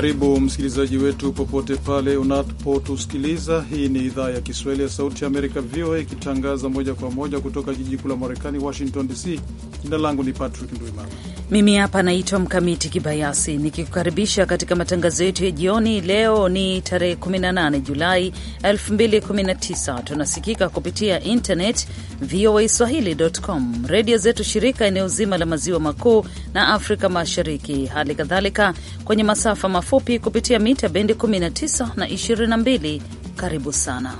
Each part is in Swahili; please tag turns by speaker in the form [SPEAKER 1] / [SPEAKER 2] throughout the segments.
[SPEAKER 1] Karibu msikilizaji wetu popote pale unapotusikiliza. Hii ni idhaa ya Kiswahili ya Sauti ya Amerika, VOA, ikitangaza moja kwa moja kutoka jiji kuu la Marekani, Washington DC. Jina langu ni Patrick Ndwimana
[SPEAKER 2] mimi hapa naitwa Mkamiti Kibayasi nikikukaribisha katika matangazo yetu ya jioni. Leo ni tarehe 18 Julai 2019. Tunasikika kupitia internet voa swahili.com, redio zetu shirika eneo zima la maziwa makuu na Afrika Mashariki, hali kadhalika kwenye masafa mafupi kupitia mita bendi 19 na 22. Karibu
[SPEAKER 1] sana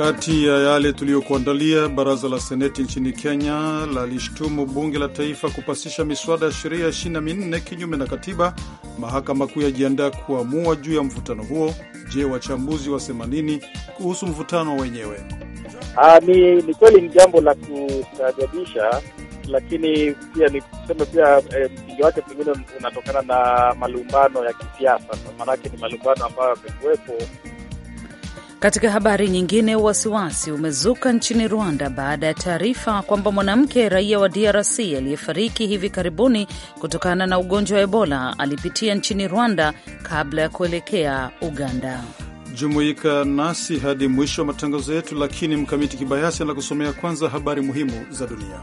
[SPEAKER 1] Kati ya yale tuliyokuandalia, baraza la seneti nchini Kenya lalishtumu bunge la taifa kupasisha miswada ya sheria ishirini na minne kinyume na katiba. Mahakama Kuu yajiandaa kuamua juu ya mvutano huo. Je, wachambuzi wasema nini kuhusu mvutano wenyewe?
[SPEAKER 3] Ah, ni, ni kweli ni jambo la kustaajabisha, lakini pia ni kusema pia eh, mpingi e, wake pengine unatokana na malumbano ya kisiasa, maanake ni malumbano ambayo yamekuwepo
[SPEAKER 2] katika habari nyingine, wasiwasi umezuka nchini Rwanda baada ya taarifa kwamba mwanamke raia wa DRC aliyefariki hivi karibuni kutokana na ugonjwa wa Ebola alipitia nchini Rwanda kabla ya kuelekea Uganda.
[SPEAKER 1] Jumuika nasi hadi mwisho wa matangazo yetu, lakini Mkamiti Kibayasi anakusomea kwanza habari muhimu za dunia.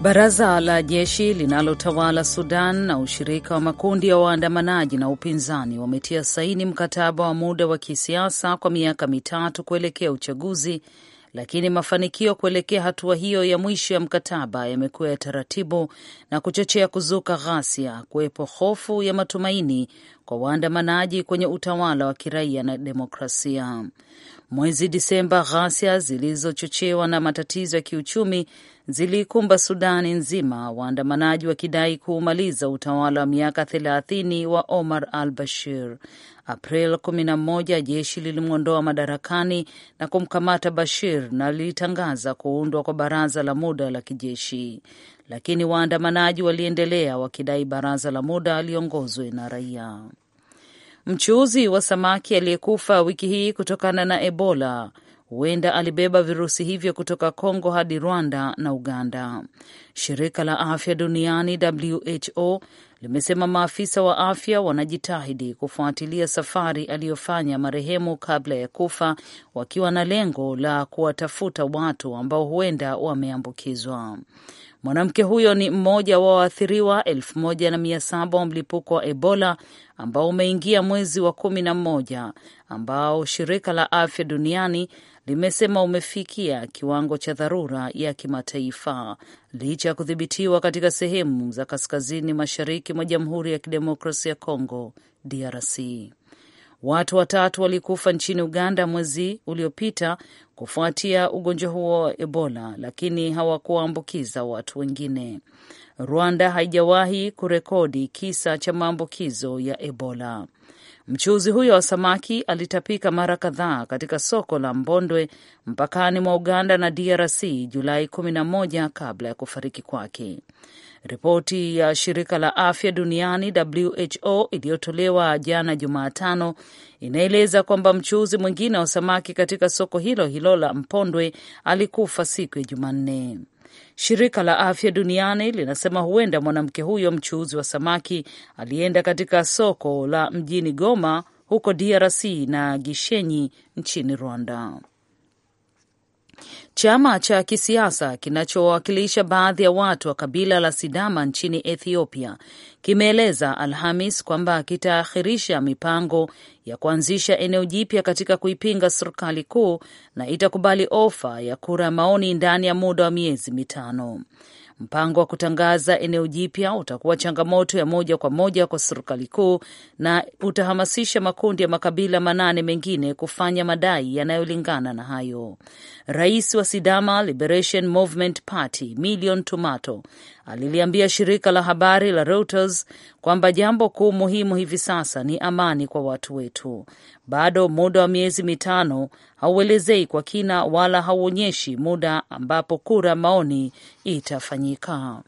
[SPEAKER 2] Baraza la jeshi linalotawala Sudan na ushirika wa makundi ya waandamanaji na upinzani wametia saini mkataba wa muda wa kisiasa kwa miaka mitatu kuelekea uchaguzi, lakini mafanikio kuelekea hatua hiyo ya mwisho ya mkataba yamekuwa ya taratibu na kuchochea kuzuka ghasia, kuwepo hofu ya matumaini kwa waandamanaji kwenye utawala wa kiraia na demokrasia. Mwezi Disemba, ghasia zilizochochewa na matatizo ya kiuchumi ziliikumba Sudani nzima, waandamanaji wakidai kuumaliza utawala wa miaka 30 wa Omar al Bashir. April 11 jeshi lilimwondoa madarakani na kumkamata Bashir na lilitangaza kuundwa kwa baraza la muda la kijeshi, lakini waandamanaji waliendelea wakidai baraza la muda liongozwe na raia. Mchuuzi wa samaki aliyekufa wiki hii kutokana na Ebola huenda alibeba virusi hivyo kutoka Kongo hadi Rwanda na Uganda. Shirika la afya duniani WHO limesema maafisa wa afya wanajitahidi kufuatilia safari aliyofanya marehemu kabla ya kufa, wakiwa na lengo la kuwatafuta watu ambao huenda wameambukizwa. Mwanamke huyo ni mmoja wa waathiriwa elfu moja na mia saba wa mlipuko wa Ebola ambao umeingia mwezi wa kumi na ambao shirika la afya duniani limesema umefikia kiwango cha dharura ya kimataifa licha ya kudhibitiwa katika sehemu za kaskazini mashariki mwa Jamhuri ya Kidemokrasia ya Kongo, DRC. Watu watatu walikufa nchini Uganda mwezi uliopita kufuatia ugonjwa huo wa Ebola, lakini hawakuwaambukiza watu wengine. Rwanda haijawahi kurekodi kisa cha maambukizo ya Ebola. Mchuuzi huyo wa samaki alitapika mara kadhaa katika soko la Mbondwe mpakani mwa Uganda na DRC Julai 11 kabla ya kufariki kwake. Ripoti ya shirika la afya duniani WHO iliyotolewa jana Jumatano inaeleza kwamba mchuuzi mwingine wa samaki katika soko hilo hilo la Mpondwe alikufa siku ya Jumanne. Shirika la afya duniani linasema huenda mwanamke huyo mchuuzi wa samaki alienda katika soko la mjini Goma huko DRC na Gishenyi nchini Rwanda. Chama cha kisiasa kinachowakilisha baadhi ya watu wa kabila la Sidama nchini Ethiopia kimeeleza Alhamis kwamba kitaakhirisha mipango ya kuanzisha eneo jipya katika kuipinga serikali kuu na itakubali ofa ya kura ya maoni ndani ya muda wa miezi mitano. Mpango wa kutangaza eneo jipya utakuwa changamoto ya moja kwa moja kwa serikali kuu na utahamasisha makundi ya makabila manane mengine kufanya madai yanayolingana na hayo. Rais wa Sidama Liberation Movement Party Million Tomato aliliambia shirika la habari la Reuters kwamba jambo kuu muhimu hivi sasa ni amani kwa watu wetu. Bado muda wa miezi mitano hauelezei kwa kina wala hauonyeshi muda ambapo kura maoni itafanyika.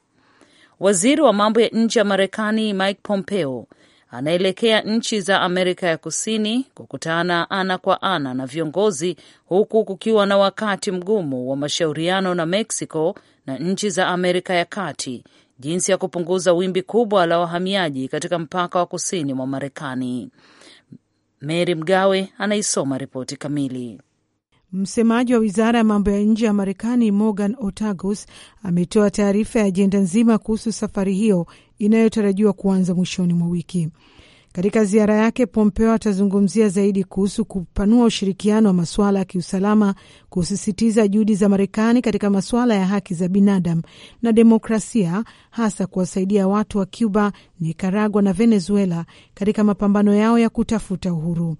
[SPEAKER 2] Waziri wa mambo ya nje ya Marekani Mike Pompeo anaelekea nchi za Amerika ya Kusini kukutana ana kwa ana na viongozi, huku kukiwa na wakati mgumu wa mashauriano na Meksiko na nchi za Amerika ya Kati jinsi ya kupunguza wimbi kubwa la wahamiaji katika mpaka wa kusini mwa Marekani. Mary Mgawe anaisoma ripoti kamili.
[SPEAKER 4] Msemaji wa wizara ya mambo ya nje ya Marekani Morgan Otagus ametoa taarifa ya ajenda nzima kuhusu safari hiyo inayotarajiwa kuanza mwishoni mwa wiki. Katika ziara yake, Pompeo atazungumzia zaidi kuhusu kupanua ushirikiano wa masuala ya kiusalama, kusisitiza juhudi za Marekani katika masuala ya haki za binadamu na demokrasia, hasa kuwasaidia watu wa Cuba, Nikaragua na Venezuela katika mapambano yao ya kutafuta uhuru.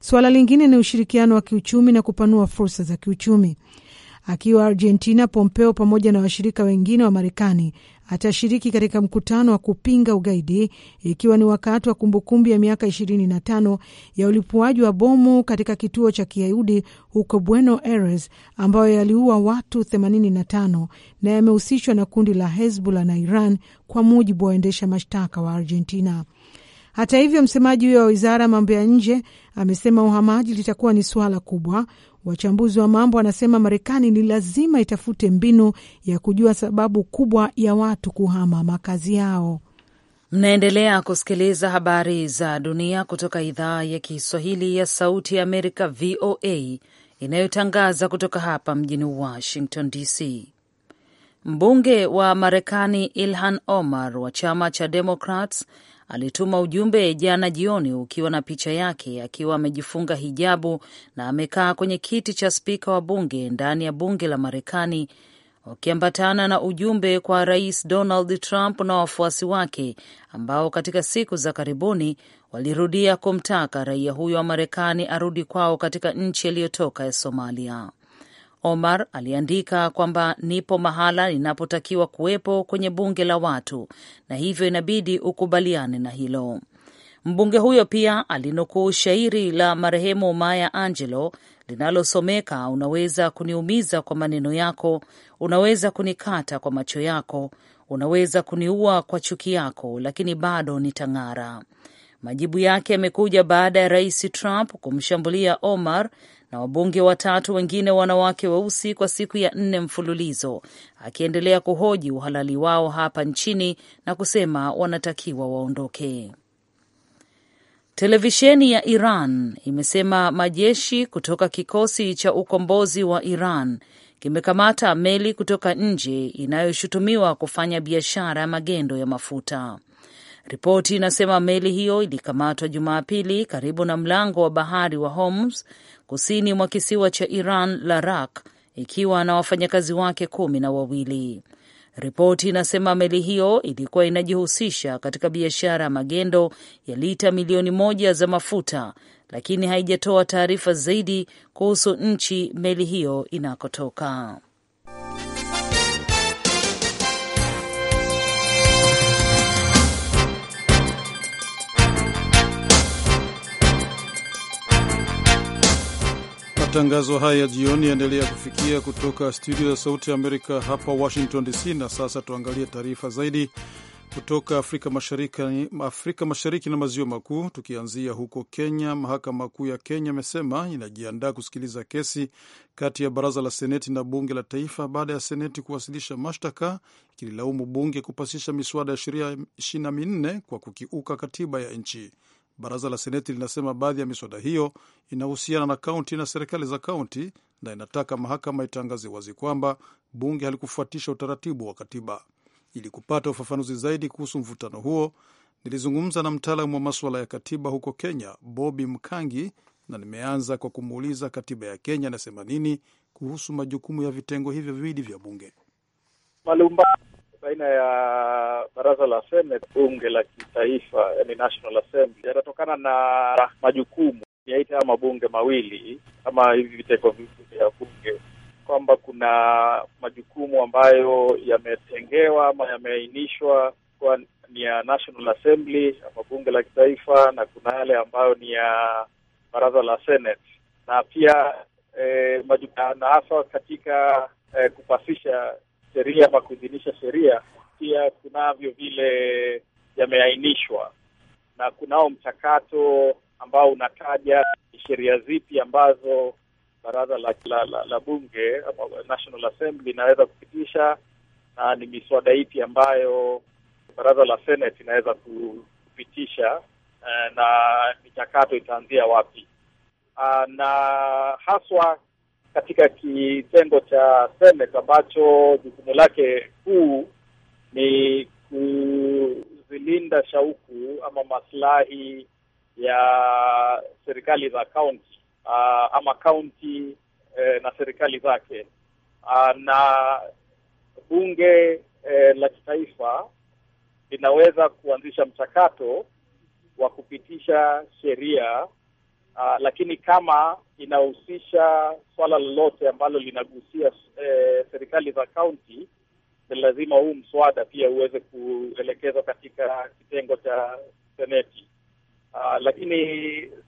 [SPEAKER 4] Suala lingine ni ushirikiano wa kiuchumi na kupanua fursa za kiuchumi. Akiwa Argentina, Pompeo pamoja na washirika wengine wa Marekani atashiriki katika mkutano wa kupinga ugaidi, ikiwa ni wakati wa kumbukumbu ya miaka 25 ya ulipuaji wa bomu katika kituo cha kiyahudi huko Buenos Aires, ambayo yaliua watu 85 na yamehusishwa na kundi la Hezbollah na Iran, kwa mujibu wa waendesha mashtaka wa Argentina. Hata hivyo, msemaji huyo wa wizara ya mambo ya nje amesema uhamaji litakuwa ni suala kubwa. Wachambuzi wa mambo wanasema Marekani ni lazima itafute mbinu ya kujua sababu kubwa ya watu kuhama makazi yao.
[SPEAKER 2] Mnaendelea kusikiliza habari za dunia kutoka idhaa ya Kiswahili ya Sauti ya Amerika, VOA, inayotangaza kutoka hapa mjini Washington DC. Mbunge wa Marekani Ilhan Omar wa chama cha Democrats alituma ujumbe jana jioni ukiwa na picha yake akiwa amejifunga hijabu na amekaa kwenye kiti cha spika wa bunge ndani ya bunge la Marekani, ukiambatana na ujumbe kwa Rais Donald Trump na wafuasi wake ambao katika siku za karibuni walirudia kumtaka raia huyo wa Marekani arudi kwao katika nchi aliyotoka ya Somalia. Omar aliandika kwamba nipo mahala ninapotakiwa kuwepo kwenye bunge la watu, na hivyo inabidi ukubaliane na hilo. Mbunge huyo pia alinukuu shairi la marehemu Maya angelo linalosomeka, unaweza kuniumiza kwa maneno yako, unaweza kunikata kwa macho yako, unaweza kuniua kwa chuki yako, lakini bado nitang'ara. Majibu yake yamekuja baada ya rais Trump kumshambulia Omar na wabunge watatu wengine wanawake weusi kwa siku ya nne mfululizo, akiendelea kuhoji uhalali wao hapa nchini na kusema wanatakiwa waondoke. Televisheni ya Iran imesema majeshi kutoka kikosi cha ukombozi wa Iran kimekamata meli kutoka nje inayoshutumiwa kufanya biashara ya magendo ya mafuta. Ripoti inasema meli hiyo ilikamatwa Jumapili karibu na mlango wa bahari wa Hormuz kusini mwa kisiwa cha Iran la Rak ikiwa na wafanyakazi wake kumi na wawili. Ripoti inasema meli hiyo ilikuwa inajihusisha katika biashara ya magendo ya lita milioni moja za mafuta, lakini haijatoa taarifa zaidi kuhusu nchi meli hiyo inakotoka.
[SPEAKER 1] Matangazo haya ya jioni yaendelea kufikia kutoka studio ya Sauti ya Amerika hapa Washington DC. Na sasa tuangalie taarifa zaidi kutoka Afrika Mashariki, Afrika Mashariki na Maziwa Makuu, tukianzia huko Kenya. Mahakama Kuu ya Kenya imesema inajiandaa kusikiliza kesi kati ya baraza la Seneti na bunge la taifa baada ya Seneti kuwasilisha mashtaka ikililaumu bunge kupasisha miswada ya sheria ishirini na minne kwa kukiuka katiba ya nchi. Baraza la Seneti linasema baadhi ya miswada hiyo inahusiana na kaunti na serikali za kaunti na inataka mahakama itangaze wazi kwamba bunge halikufuatisha utaratibu wa katiba. Ili kupata ufafanuzi zaidi kuhusu mvutano huo, nilizungumza na mtaalamu wa maswala ya katiba huko Kenya, Bobi Mkangi, na nimeanza kwa kumuuliza katiba ya Kenya inasema nini kuhusu majukumu ya vitengo hivyo viwili vya bunge. Malumba
[SPEAKER 3] baina ya baraza la Senate, bunge la kitaifa, yani National Assembly, yatatokana na majukumu yaita haya mabunge mawili ama hivi vitengo vivi vya bunge, kwamba kuna majukumu ambayo yametengewa ama yameainishwa kwa ni ya National Assembly ama bunge la kitaifa, na kuna yale ambayo ni ya baraza la Senate na pia eh, majukumu na hasa katika eh, kupasisha sheria ama kuidhinisha sheria, pia kunavyo vile yameainishwa na kunao mchakato ambao unataja ni sheria zipi ambazo baraza la, la, la, la bunge ama National Assembly inaweza kupitisha na ni miswada ipi ambayo baraza la Senate inaweza kupitisha eh, na michakato itaanzia wapi ah, na haswa katika kitengo cha Senate ambacho jukumu lake kuu ni kuzilinda shauku ama maslahi ya serikali za kaunti uh, ama kaunti eh, na serikali zake uh, na bunge eh, la kitaifa linaweza kuanzisha mchakato wa kupitisha sheria Uh, lakini kama inahusisha swala lolote ambalo linagusia eh, serikali za kaunti, ni lazima huu mswada pia uweze kuelekezwa katika kitengo cha seneti. Uh, lakini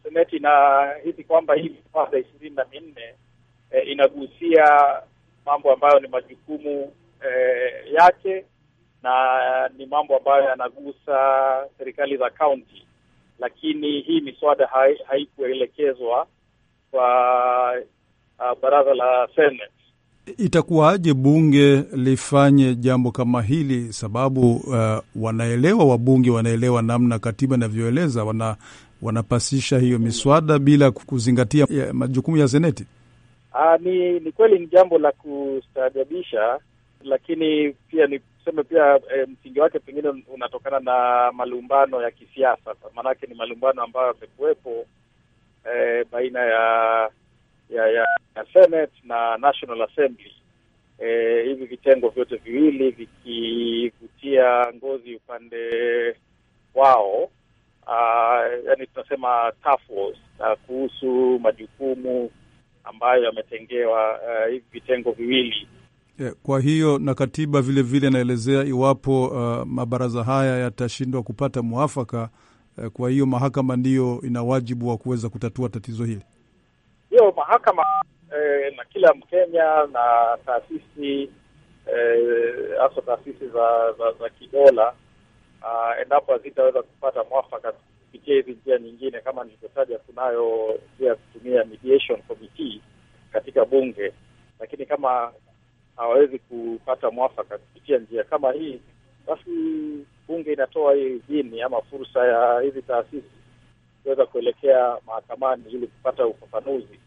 [SPEAKER 3] seneti inahisi kwamba hii miswada ishirini na minne eh, inagusia mambo ambayo ni majukumu eh, yake na ni mambo ambayo yanagusa serikali za kaunti lakini hii miswada haikuelekezwa hai kwa uh, baraza la Senate.
[SPEAKER 1] Itakuwaje bunge lifanye jambo kama hili? Sababu uh, wanaelewa wabunge, wanaelewa namna katiba inavyoeleza, wana wanapasisha hiyo miswada bila kuzingatia ya, majukumu ya seneti. Aa,
[SPEAKER 3] ah, ni ni kweli ni jambo la kustaajabisha, lakini pia ni tuseme pia e, msingi wake pengine unatokana na malumbano ya kisiasa, maanake ni malumbano ambayo yamekuwepo e, baina ya ya, ya ya Senate na National Assembly e, hivi vitengo vyote viwili vikivutia ngozi upande wao. a, ah, yani tunasema tough laws ah, kuhusu majukumu ambayo yametengewa uh, hivi vitengo viwili
[SPEAKER 1] Eh, kwa hiyo na katiba vilevile inaelezea vile iwapo uh, mabaraza haya yatashindwa kupata mwafaka uh, kwa hiyo mahakama ndiyo ina wajibu wa kuweza kutatua tatizo hili.
[SPEAKER 3] Hiyo mahakama eh, na kila Mkenya na taasisi eh, hasa eh, taasisi za, za, za kidola uh, ah, endapo hazitaweza kupata mwafaka kupitia hizi njia nyingine, kama nilivyotaja, kunayo njia ya kutumia mediation committee katika bunge, lakini kama hawawezi kupata mwafaka kupitia njia kama hii, basi bunge inatoa hii idhini ama fursa ya hizi taasisi kuweza kuelekea mahakamani ili kupata ufafanuzi.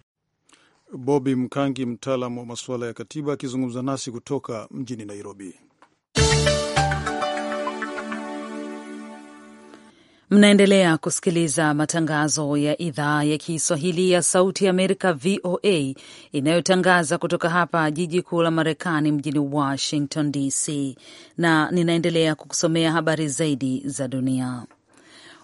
[SPEAKER 1] Bobi Mkangi, mtaalamu wa masuala ya katiba, akizungumza nasi kutoka mjini Nairobi.
[SPEAKER 2] Mnaendelea kusikiliza matangazo ya idhaa ya Kiswahili ya Sauti Amerika, VOA, inayotangaza kutoka hapa jiji kuu la Marekani, mjini Washington DC, na ninaendelea kukusomea habari zaidi za dunia.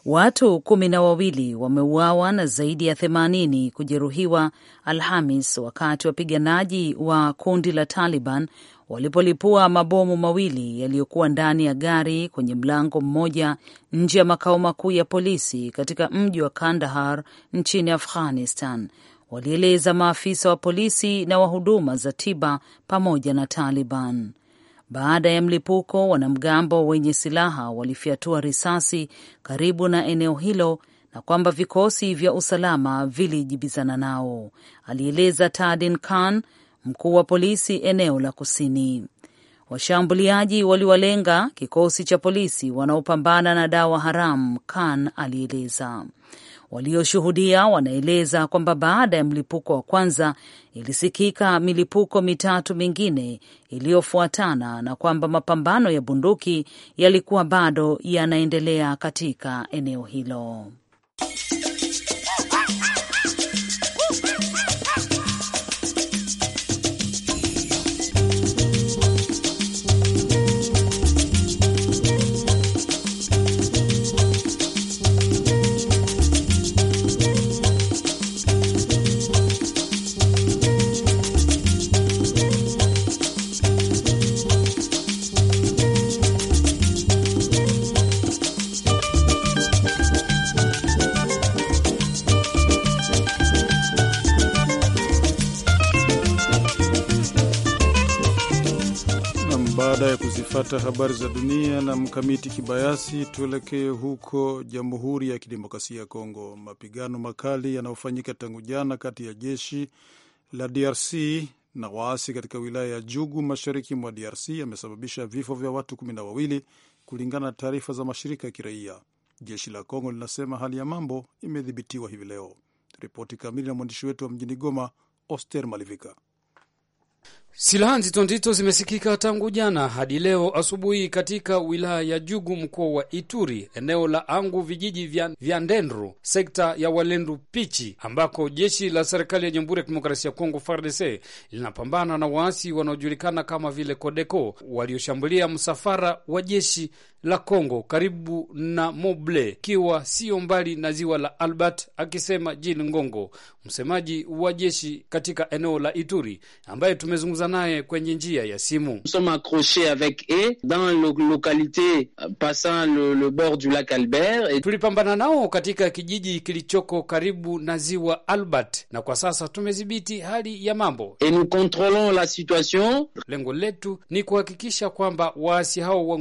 [SPEAKER 2] Watu kumi na wawili wameuawa na zaidi ya themanini kujeruhiwa Alhamis wakati wapiganaji wa kundi la Taliban walipolipua mabomu mawili yaliyokuwa ndani ya gari kwenye mlango mmoja nje ya makao makuu ya polisi katika mji wa Kandahar nchini Afghanistan, walieleza maafisa wa polisi na wa huduma za tiba pamoja na Taliban. Baada ya mlipuko, wanamgambo wenye silaha walifyatua risasi karibu na eneo hilo na kwamba vikosi vya usalama vilijibizana nao, alieleza Tadin Khan, mkuu wa polisi eneo la kusini. Washambuliaji waliwalenga kikosi cha polisi wanaopambana na dawa haramu, Khan alieleza. Walioshuhudia wanaeleza kwamba baada ya mlipuko wa kwanza ilisikika milipuko mitatu mingine iliyofuatana na kwamba mapambano ya bunduki yalikuwa bado yanaendelea katika eneo hilo.
[SPEAKER 1] Baada ya kuzifata habari za dunia na Mkamiti Kibayasi, tuelekee huko Jamhuri ya Kidemokrasia ya Kongo. Mapigano makali yanayofanyika tangu jana kati ya jeshi la DRC na waasi katika wilaya ya Jugu mashariki mwa DRC yamesababisha vifo vya watu kumi na wawili kulingana na taarifa za mashirika ya kiraia. Jeshi la Kongo linasema hali ya mambo imedhibitiwa hivi leo. Ripoti kamili na mwandishi wetu wa mjini Goma, Oster Malivika. Silaha nzito nzito zimesikika tangu jana hadi leo asubuhi
[SPEAKER 5] katika wilaya ya Jugu, mkoa wa Ituri, eneo la Angu, vijiji vya, vya Ndendru, sekta ya Walendu Pichi, ambako jeshi la serikali ya Jamhuri ya Kidemokrasia ya Kongo FARDC linapambana na waasi wanaojulikana kama vile Kodeko walioshambulia msafara wa jeshi la Kongo karibu na Moble, ikiwa sio mbali na ziwa la Albert, akisema Jil Ngongo, msemaji wa jeshi katika eneo la Ituri, ambaye tumezungumza naye kwenye njia ya simu. sommes accrochés avec e dans la localité euh, passant le, le bord du lac Albert et... tulipambana nao katika kijiji kilichoko karibu na ziwa Albert, na kwa sasa tumedhibiti hali ya mambo et nous controlons la situation. Lengo letu ni kuhakikisha kwamba waasi hao wa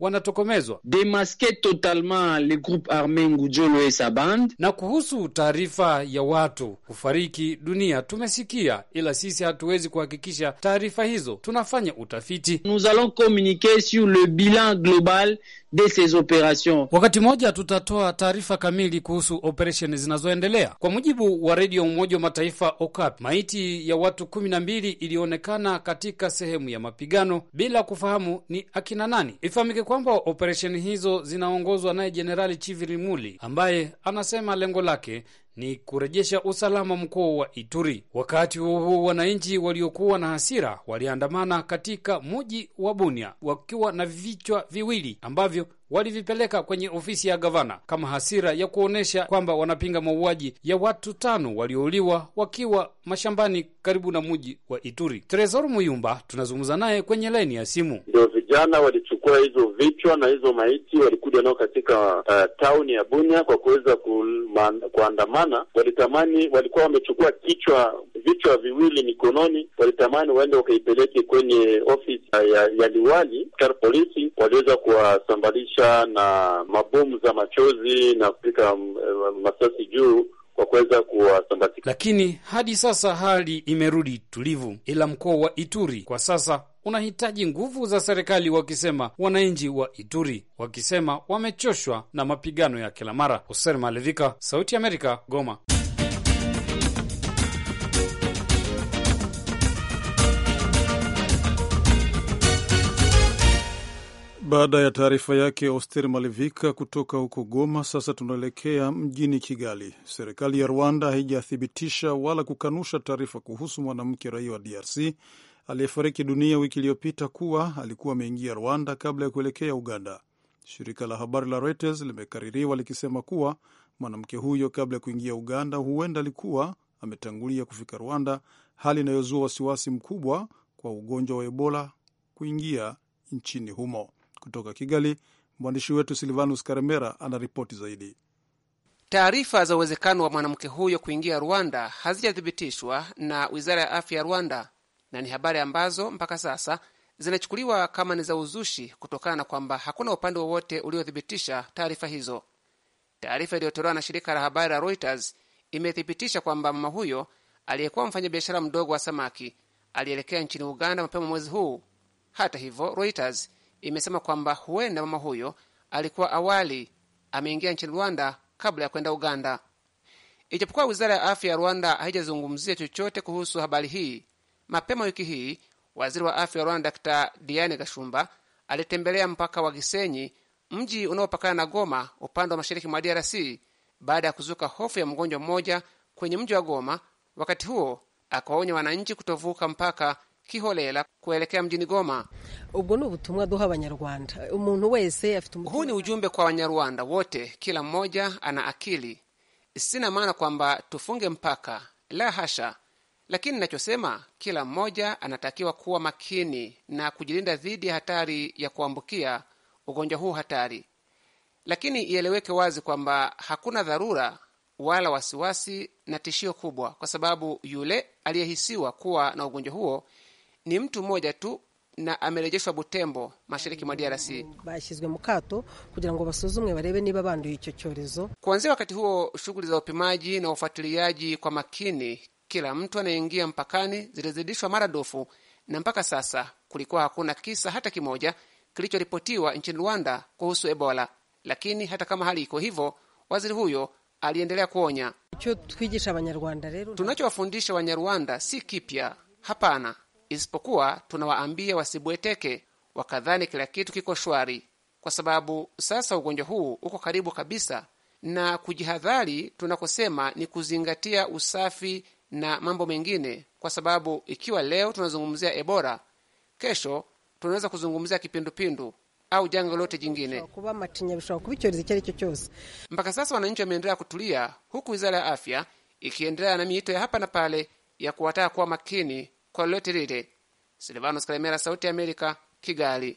[SPEAKER 5] wana watatokomezwa. Demaske totalement le groupe arme Ngujolo esa band. Na kuhusu taarifa ya watu kufariki dunia tumesikia, ila sisi hatuwezi kuhakikisha taarifa hizo, tunafanya utafiti. Nous allons communiquer sur le bilan global de ces operations. Wakati mmoja tutatoa taarifa kamili kuhusu operesheni zinazoendelea. Kwa mujibu wa redio Umoja wa Mataifa OCAP, maiti ya watu kumi na mbili ilionekana katika sehemu ya mapigano bila kufahamu ni akina nani. Ifahamike kwamba kuwa operesheni hizo zinaongozwa naye Jenerali chiviri muli ambaye anasema lengo lake ni kurejesha usalama mkoa wa Ituri. Wakati huo huo, wananchi waliokuwa na hasira waliandamana katika mji wa Bunia wakiwa na vichwa viwili ambavyo walivipeleka kwenye ofisi ya gavana kama hasira ya kuonyesha kwamba wanapinga mauaji ya watu tano waliouliwa wakiwa mashambani karibu na mji wa Ituri. Tresor Muyumba tunazungumza naye kwenye laini ya simu.
[SPEAKER 3] Ndio vijana walichukua hizo vichwa na hizo maiti walikuja nao katika uh, tauni ya Bunya kwa kuweza kuandamana. Walitamani, walikuwa wamechukua kichwa vichwa viwili mikononi, walitamani waende wakaipeleke kwenye ofisi uh, ya, ya liwali polisi, waliweza kuwasambalisha mafuta na mabomu za machozi na kupika eh, masasi juu kwa kuweza kuwasambatika,
[SPEAKER 5] Lakini hadi sasa hali imerudi tulivu, ila mkoa wa Ituri kwa sasa unahitaji nguvu za serikali, wakisema wananchi wa Ituri wakisema wamechoshwa na mapigano ya kila mara. Hoser Malevika, Sauti ya Amerika, Goma.
[SPEAKER 1] Baada ya taarifa yake Oster Malivika kutoka huko Goma, sasa tunaelekea mjini Kigali. Serikali ya Rwanda haijathibitisha wala kukanusha taarifa kuhusu mwanamke raia wa DRC aliyefariki dunia wiki iliyopita kuwa alikuwa ameingia Rwanda kabla ya kuelekea Uganda. Shirika la habari la Reuters limekaririwa likisema kuwa mwanamke huyo kabla ya kuingia Uganda huenda alikuwa ametangulia kufika Rwanda, hali inayozua wasiwasi mkubwa kwa ugonjwa wa Ebola kuingia nchini humo. Kutoka Kigali, mwandishi wetu Silvanus Karemera anaripoti zaidi.
[SPEAKER 6] Taarifa za uwezekano wa mwanamke huyo kuingia Rwanda hazijathibitishwa na wizara ya afya ya Rwanda, na ni habari ambazo mpaka sasa zinachukuliwa kama ni za uzushi kutokana na kwamba hakuna upande wowote uliothibitisha taarifa hizo. Taarifa iliyotolewa na shirika la habari la Reuters imethibitisha kwamba mama huyo aliyekuwa mfanyabiashara mdogo wa samaki alielekea nchini Uganda mapema mwezi huu. Hata hivyo, Reuters imesema kwamba huenda mama huyo alikuwa awali ameingia nchini Rwanda kabla ya kwenda Uganda. Ijapokuwa wizara ya afya ya Rwanda haijazungumzia chochote kuhusu habari hii, mapema wiki hii waziri wa afya wa Rwanda Dr Diane Gashumba alitembelea mpaka wa Gisenyi, mji unaopakana na Goma upande wa mashariki mwa DRC baada ya kuzuka hofu ya mgonjwa mmoja kwenye mji wa Goma. Wakati huo akawaonya wananchi kutovuka mpaka kiholela kuelekea mjini Goma. ubwo ni ubutumwa duha abanyarwanda umuntu wese afite. Huu ni ujumbe kwa Wanyarwanda wote, kila mmoja ana akili. Sina maana kwamba tufunge mpaka, la hasha, lakini nachosema, kila mmoja anatakiwa kuwa makini na kujilinda dhidi ya hatari ya kuambukia ugonjwa huu hatari, lakini ieleweke wazi kwamba hakuna dharura wala wasiwasi na tishio kubwa, kwa sababu yule aliyehisiwa kuwa na ugonjwa huo ni mtu mmoja tu na amerejeshwa Butembo, mashariki mwa DRC.
[SPEAKER 4] bashyizwe mu kato kugira ngo basuzumwe barebe niba banduye icyo cyorezo.
[SPEAKER 6] Kuanzia wakati huo, shughuli za upimaji na ufuatiliaji kwa makini kila mtu anayeingia mpakani zilizidishwa maradufu, na mpaka sasa kulikuwa hakuna kisa hata kimoja kilichoripotiwa nchini Rwanda kuhusu Ebola. Lakini hata kama hali iko hivyo, waziri huyo aliendelea kuonya, tunachowafundisha Wanyarwanda si kipya, hapana isipokuwa tunawaambia wasibweteke, wakadhani kila kitu kiko shwari, kwa sababu sasa ugonjwa huu uko karibu kabisa. Na kujihadhari tunakosema ni kuzingatia usafi na mambo mengine, kwa sababu ikiwa leo tunazungumzia Ebola, kesho tunaweza kuzungumzia kipindupindu au janga lolote jingine. Mpaka sasa wananchi wameendelea kutulia, huku wizara ya afya ikiendelea na miito ya hapa na pale ya kuwataka kuwa makini kwa lolote lile. Silvanos Kalemera, Sauti ya Amerika, Kigali.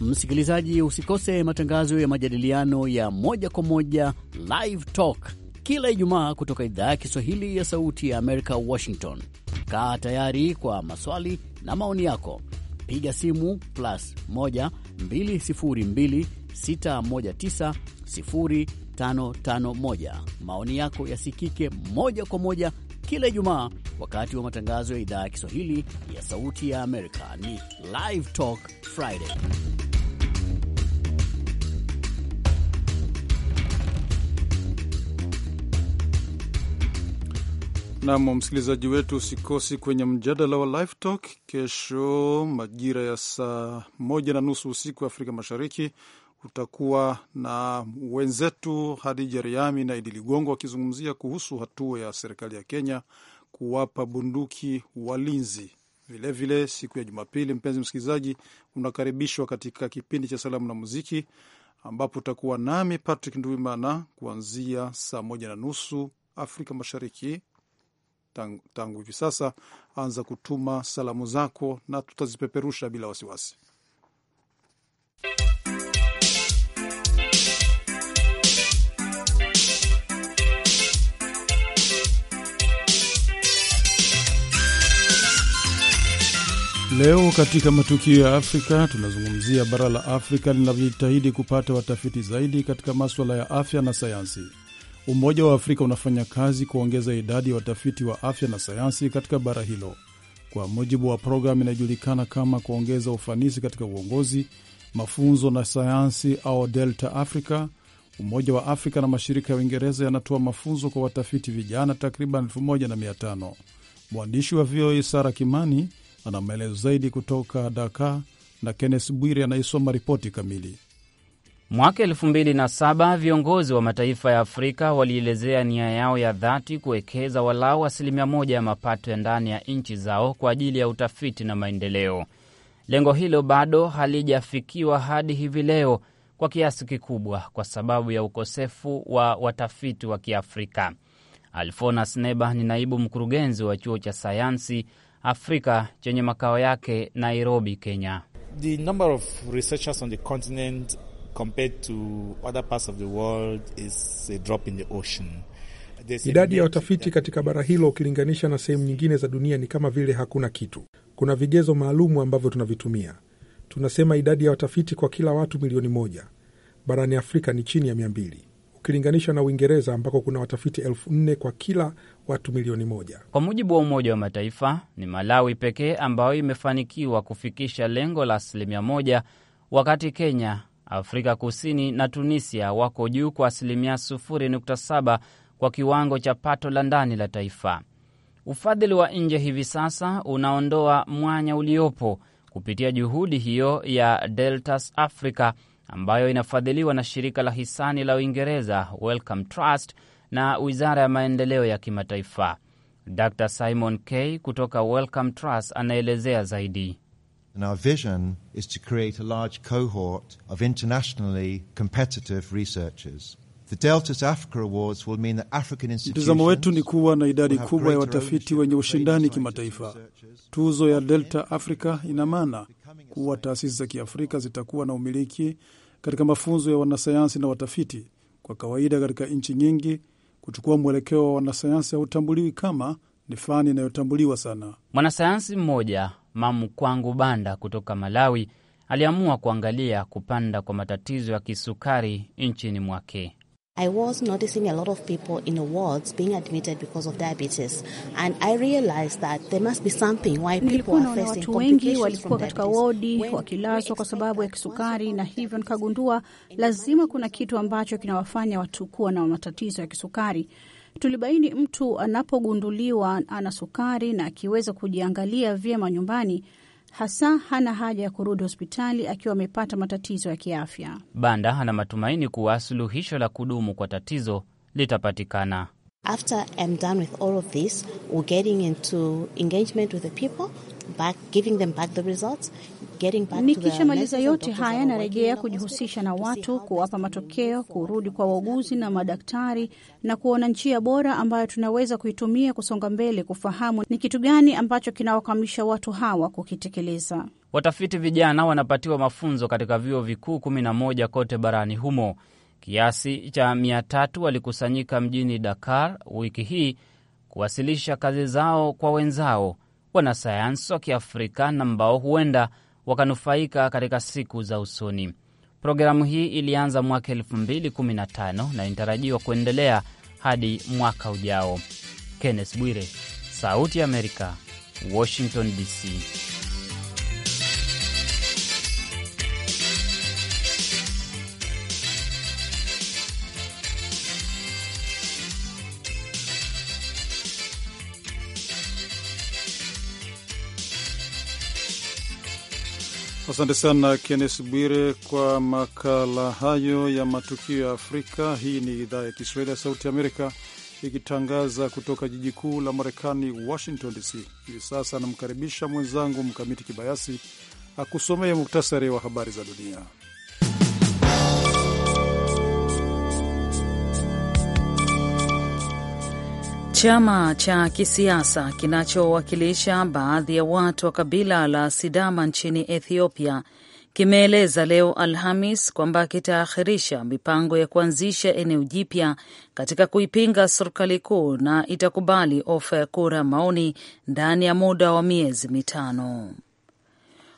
[SPEAKER 5] Msikilizaji, usikose matangazo ya majadiliano ya moja kwa moja Live Talk kila Ijumaa kutoka idhaa ya Kiswahili ya Sauti ya Amerika, Washington. Kaa tayari kwa maswali na maoni yako, piga simu plus 1 202 619 5541. Maoni yako yasikike moja kwa moja kila Ijumaa wakati wa matangazo ya idhaa ya Kiswahili ya Sauti ya Amerika. Ni Live Talk Friday.
[SPEAKER 1] Nam msikilizaji wetu, usikosi kwenye mjadala wa Live Talk kesho majira ya saa moja na nusu usiku Afrika Mashariki, utakuwa na wenzetu Hadija Riami na Idi Ligongo wakizungumzia kuhusu hatua ya serikali ya Kenya kuwapa bunduki walinzi. Vilevile vile, siku ya Jumapili, mpenzi msikilizaji, unakaribishwa katika kipindi cha salamu na muziki ambapo utakuwa nami Patrick nduimana kuanzia saa moja na nusu Afrika Mashariki. Tangu hivi sasa, anza kutuma salamu zako na tutazipeperusha bila wasiwasi. Leo katika matukio ya Afrika tunazungumzia bara la Afrika linavyojitahidi kupata watafiti zaidi katika maswala ya afya na sayansi. Umoja wa Afrika unafanya kazi kuongeza idadi ya watafiti wa afya na sayansi katika bara hilo. Kwa mujibu wa programu inayojulikana kama kuongeza ufanisi katika uongozi, mafunzo na sayansi au Delta Africa, Umoja wa Afrika na mashirika ya Uingereza yanatoa mafunzo kwa watafiti vijana takriban 1500. Mwandishi wa VOA Sara Kimani ana maelezo zaidi kutoka Dakar na Kennes Bwire anayesoma ripoti kamili.
[SPEAKER 7] Mwaka elfu mbili na saba viongozi wa mataifa ya Afrika walielezea nia yao ya dhati kuwekeza walau asilimia moja ya mapato ya ndani ya nchi zao kwa ajili ya utafiti na maendeleo. Lengo hilo bado halijafikiwa hadi hivi leo kwa kiasi kikubwa kwa sababu ya ukosefu wa watafiti wa Kiafrika. Alfonas Neba ni naibu mkurugenzi wa chuo cha sayansi Afrika chenye makao yake Nairobi, Kenya.
[SPEAKER 3] The number of researchers on the continent compared to other parts of the world is a drop
[SPEAKER 1] in the ocean. Idadi ya watafiti katika bara hilo ukilinganisha na sehemu nyingine za dunia ni kama vile hakuna kitu. Kuna vigezo maalumu ambavyo tunavitumia. Tunasema idadi ya watafiti kwa kila watu milioni moja. Barani Afrika ni chini ya mia mbili ukilinganishwa na Uingereza ambako kuna watafiti elfu nne kwa kila watu milioni moja.
[SPEAKER 7] Kwa mujibu wa Umoja wa Mataifa, ni Malawi pekee ambayo imefanikiwa kufikisha lengo la asilimia moja, wakati Kenya, Afrika Kusini na Tunisia wako juu kwa asilimia 0.7 kwa kiwango cha pato la ndani la taifa. Ufadhili wa nje hivi sasa unaondoa mwanya uliopo kupitia juhudi hiyo ya Deltas Africa ambayo inafadhiliwa na shirika la hisani la Uingereza Wellcome Trust na wizara ya maendeleo ya kimataifa. Dr Simon K kutoka Wellcome Trust anaelezea zaidi.
[SPEAKER 4] And our vision is to create a large cohort of internationally competitive researchers. Mtazamo wetu ni kuwa na idadi kubwa ya watafiti
[SPEAKER 1] wenye ushindani kimataifa. Tuzo ya Delta Africa ina maana kuwa taasisi za Kiafrika zitakuwa na umiliki katika mafunzo ya wanasayansi na watafiti. Kwa kawaida, katika nchi nyingi, kuchukua mwelekeo wa wanasayansi hautambuliwi kama ni fani inayotambuliwa sana.
[SPEAKER 7] Mwanasayansi mmoja Mamukwangu Banda kutoka Malawi aliamua kuangalia kupanda kwa matatizo ya kisukari nchini mwake.
[SPEAKER 2] I was noticing a lot of people in the wards being admitted because of diabetes and I realized that there must be something why people are facing watu wengi walikuwa katika wodi
[SPEAKER 4] wakilazwa kwa sababu ya kisukari, na hivyo nikagundua lazima kuna kitu ambacho kinawafanya watu kuwa na matatizo ya kisukari. Tulibaini mtu anapogunduliwa ana sukari na akiweza kujiangalia vyema nyumbani hasa hana haja ya kurudi hospitali akiwa amepata matatizo ya kiafya.
[SPEAKER 7] Banda ana matumaini kuwa suluhisho la kudumu kwa tatizo litapatikana.
[SPEAKER 4] After I'm done with all of this, we're getting into engagement with the people back, giving them back the results, getting back. Nikishamaliza yote haya, narejea kujihusisha na watu, kuwapa matokeo, kurudi kwa wauguzi na madaktari na kuona njia bora ambayo tunaweza kuitumia kusonga mbele, kufahamu ni kitu gani ambacho kinawakamisha watu hawa kukitekeleza.
[SPEAKER 7] Watafiti vijana wanapatiwa mafunzo katika vyuo vikuu 11 kote barani humo. Kiasi cha mia tatu walikusanyika mjini Dakar wiki hii kuwasilisha kazi zao kwa wenzao wanasayansi wa Kiafrika na ambao huenda wakanufaika katika siku za usoni. Programu hii ilianza mwaka 2015 na inatarajiwa kuendelea hadi mwaka ujao. Kenneth Bwire, Sauti ya Amerika, Washington DC.
[SPEAKER 1] Asante sana Kennes Bwire kwa makala hayo ya matukio ya Afrika. Hii ni idhaa ya Kiswahili ya Sauti Amerika ikitangaza kutoka jiji kuu la Marekani, Washington DC. Hivi sasa anamkaribisha mwenzangu Mkamiti Kibayasi akusomea muktasari wa habari za dunia.
[SPEAKER 2] Chama cha kisiasa kinachowakilisha baadhi ya watu wa kabila la Sidama nchini Ethiopia kimeeleza leo Alhamis kwamba kitaakhirisha mipango ya kuanzisha eneo jipya katika kuipinga serikali kuu na itakubali ofa ya kura maoni ndani ya muda wa miezi mitano.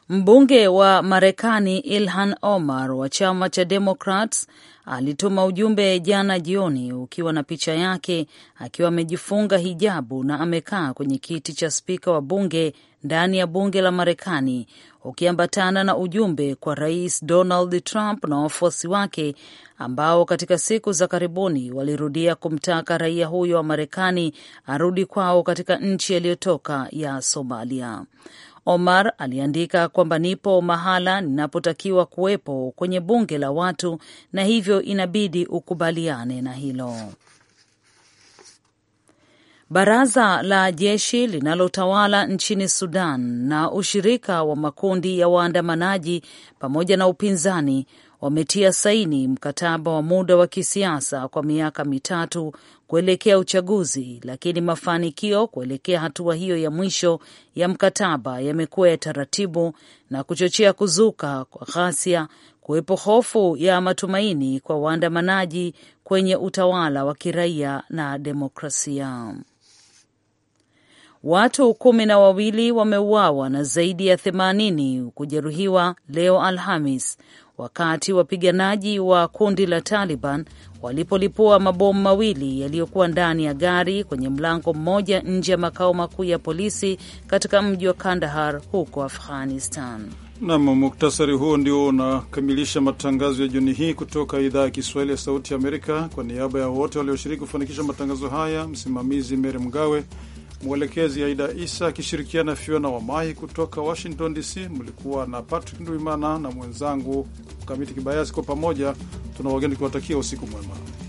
[SPEAKER 2] Mbunge wa Marekani Ilhan Omar wa chama cha Democrats alituma ujumbe jana jioni ukiwa na picha yake akiwa amejifunga hijabu na amekaa kwenye kiti cha spika wa bunge ndani ya bunge la Marekani, ukiambatana na ujumbe kwa Rais Donald Trump na wafuasi wake ambao katika siku za karibuni walirudia kumtaka raia huyo wa Marekani arudi kwao katika nchi aliyotoka ya Somalia. Omar aliandika kwamba nipo mahala ninapotakiwa kuwepo kwenye bunge la watu, na hivyo inabidi ukubaliane na hilo. Baraza la jeshi linalotawala nchini Sudan na ushirika wa makundi ya waandamanaji pamoja na upinzani wametia saini mkataba wa muda wa kisiasa kwa miaka mitatu kuelekea uchaguzi, lakini mafanikio kuelekea hatua hiyo ya mwisho ya mkataba yamekuwa ya taratibu na kuchochea kuzuka kwa ghasia, kuwepo hofu ya matumaini kwa waandamanaji kwenye utawala wa kiraia na demokrasia. Watu kumi na wawili wameuawa na zaidi ya themanini kujeruhiwa leo Alhamis wakati wapiganaji wa kundi la Taliban walipolipua mabomu mawili yaliyokuwa ndani ya gari kwenye mlango mmoja nje ya makao makuu ya polisi katika mji wa Kandahar huko Afghanistan.
[SPEAKER 1] Nam, muktasari huo ndio unakamilisha matangazo ya jioni hii kutoka idhaa ya Kiswahili ya Sauti ya Amerika. Kwa niaba ya wote walioshiriki kufanikisha matangazo haya, msimamizi Meri Mgawe, Mwelekezi Aida Isa akishirikiana Fiona mai kutoka Washington DC. Mlikuwa na Patrick Ndwimana na mwenzangu Mkamiti Kibayasi. Kwa pamoja tuna wageni kuwatakia usiku mwema.